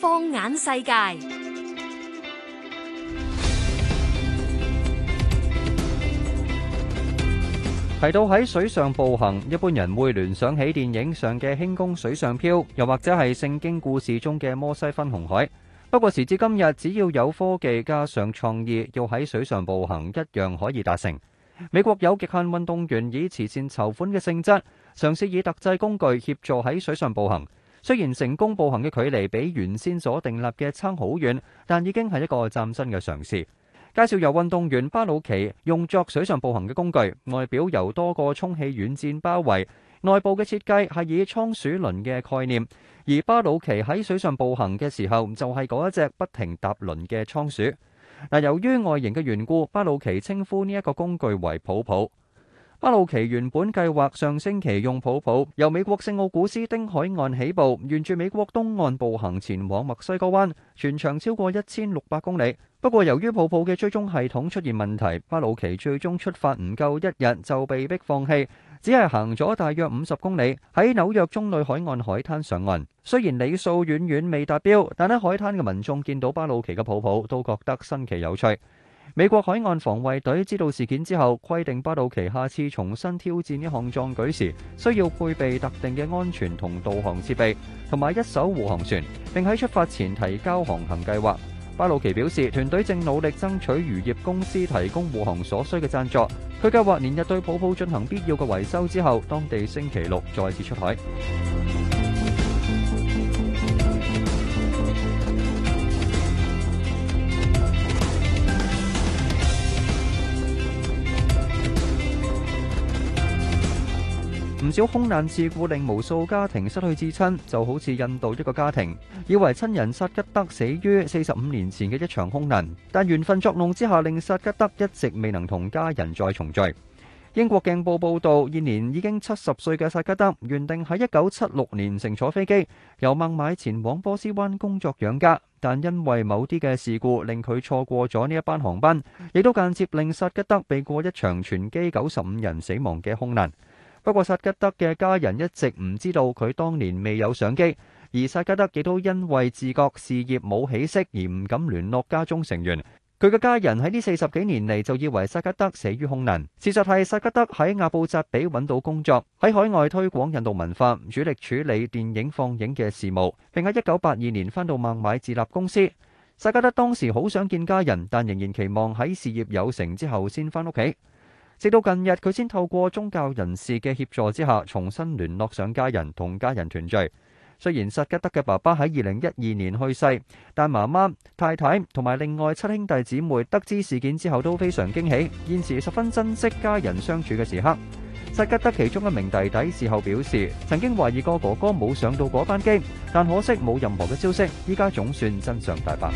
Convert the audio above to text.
放眼世界，提到喺水上步行，一般人會聯想起電影上嘅輕功水上漂，又或者係聖經故事中嘅摩西分紅海。不過時至今日，只要有科技加上創意，要喺水上步行一樣可以達成。美國有極限運動員以慈善籌款嘅性質。嘗試以特製工具協助喺水上步行，雖然成功步行嘅距離比原先所訂立嘅差好遠，但已經係一個嶄新嘅嘗試。介紹由運動員巴魯奇用作水上步行嘅工具，外表由多個充氣軟墊包圍，內部嘅設計係以倉鼠輪嘅概念，而巴魯奇喺水上步行嘅時候就係嗰一隻不停踏輪嘅倉鼠。嗱，由於外形嘅緣故，巴魯奇稱呼呢一個工具為泡泡。巴魯奇原本計劃上星期用泡泡由美國聖奧古斯丁海岸起步，沿住美國東岸步行前往墨西哥灣，全長超過一千六百公里。不過由於泡泡嘅追蹤系統出現問題，巴魯奇最終出發唔夠一日就被迫放棄，只係行咗大約五十公里，喺紐約中內海岸海灘上岸。雖然里數遠遠未達標，但喺海灘嘅民眾見到巴魯奇嘅泡泡，都覺得新奇有趣。美國海岸防衛隊知道事件之後，規定巴魯奇下次重新挑戰呢項壯舉時，需要配備特定嘅安全同導航設備，同埋一艘護航船，並喺出發前提交航行計劃。巴魯奇表示，團隊正努力爭取漁業公司提供護航所需嘅贊助。佢計劃連日對泡泡進行必要嘅維修之後，當地星期六再次出海。唔少空難事故令無數家庭失去至親，就好似印度一個家庭，以為親人薩吉德死於四十五年前嘅一場空難，但緣分作弄之下，令薩吉德一直未能同家人再重聚。英國鏡報報道，現年已經七十歲嘅薩吉德原定喺一九七六年乘坐飛機由孟買前往波斯灣工作養家，但因為某啲嘅事故，令佢錯過咗呢一班航班，亦都間接令薩吉德避過一場全機九十五人死亡嘅空難。不過，薩吉德嘅家人一直唔知道佢當年未有上機，而薩吉德亦都因為自覺事業冇起色而唔敢聯絡家中成員。佢嘅家人喺呢四十幾年嚟就以為薩吉德死於空難。事實係薩吉德喺亞布扎比揾到工作，喺海外推廣印度文化，主力處理電影放映嘅事務。並喺一九八二年返到孟買自立公司。薩吉德當時好想見家人，但仍然期望喺事業有成之後先返屋企。直到近日，佢先透過宗教人士嘅協助之下，重新聯絡上家人，同家人團聚。雖然薩吉德嘅爸爸喺二零一二年去世，但媽媽、太太同埋另外七兄弟姊妹得知事件之後都非常驚喜，現時十分珍惜家人相處嘅時刻。薩吉德其中一名弟弟事後表示，曾經懷疑過哥哥冇上到嗰班機，但可惜冇任何嘅消息，依家總算真相大白。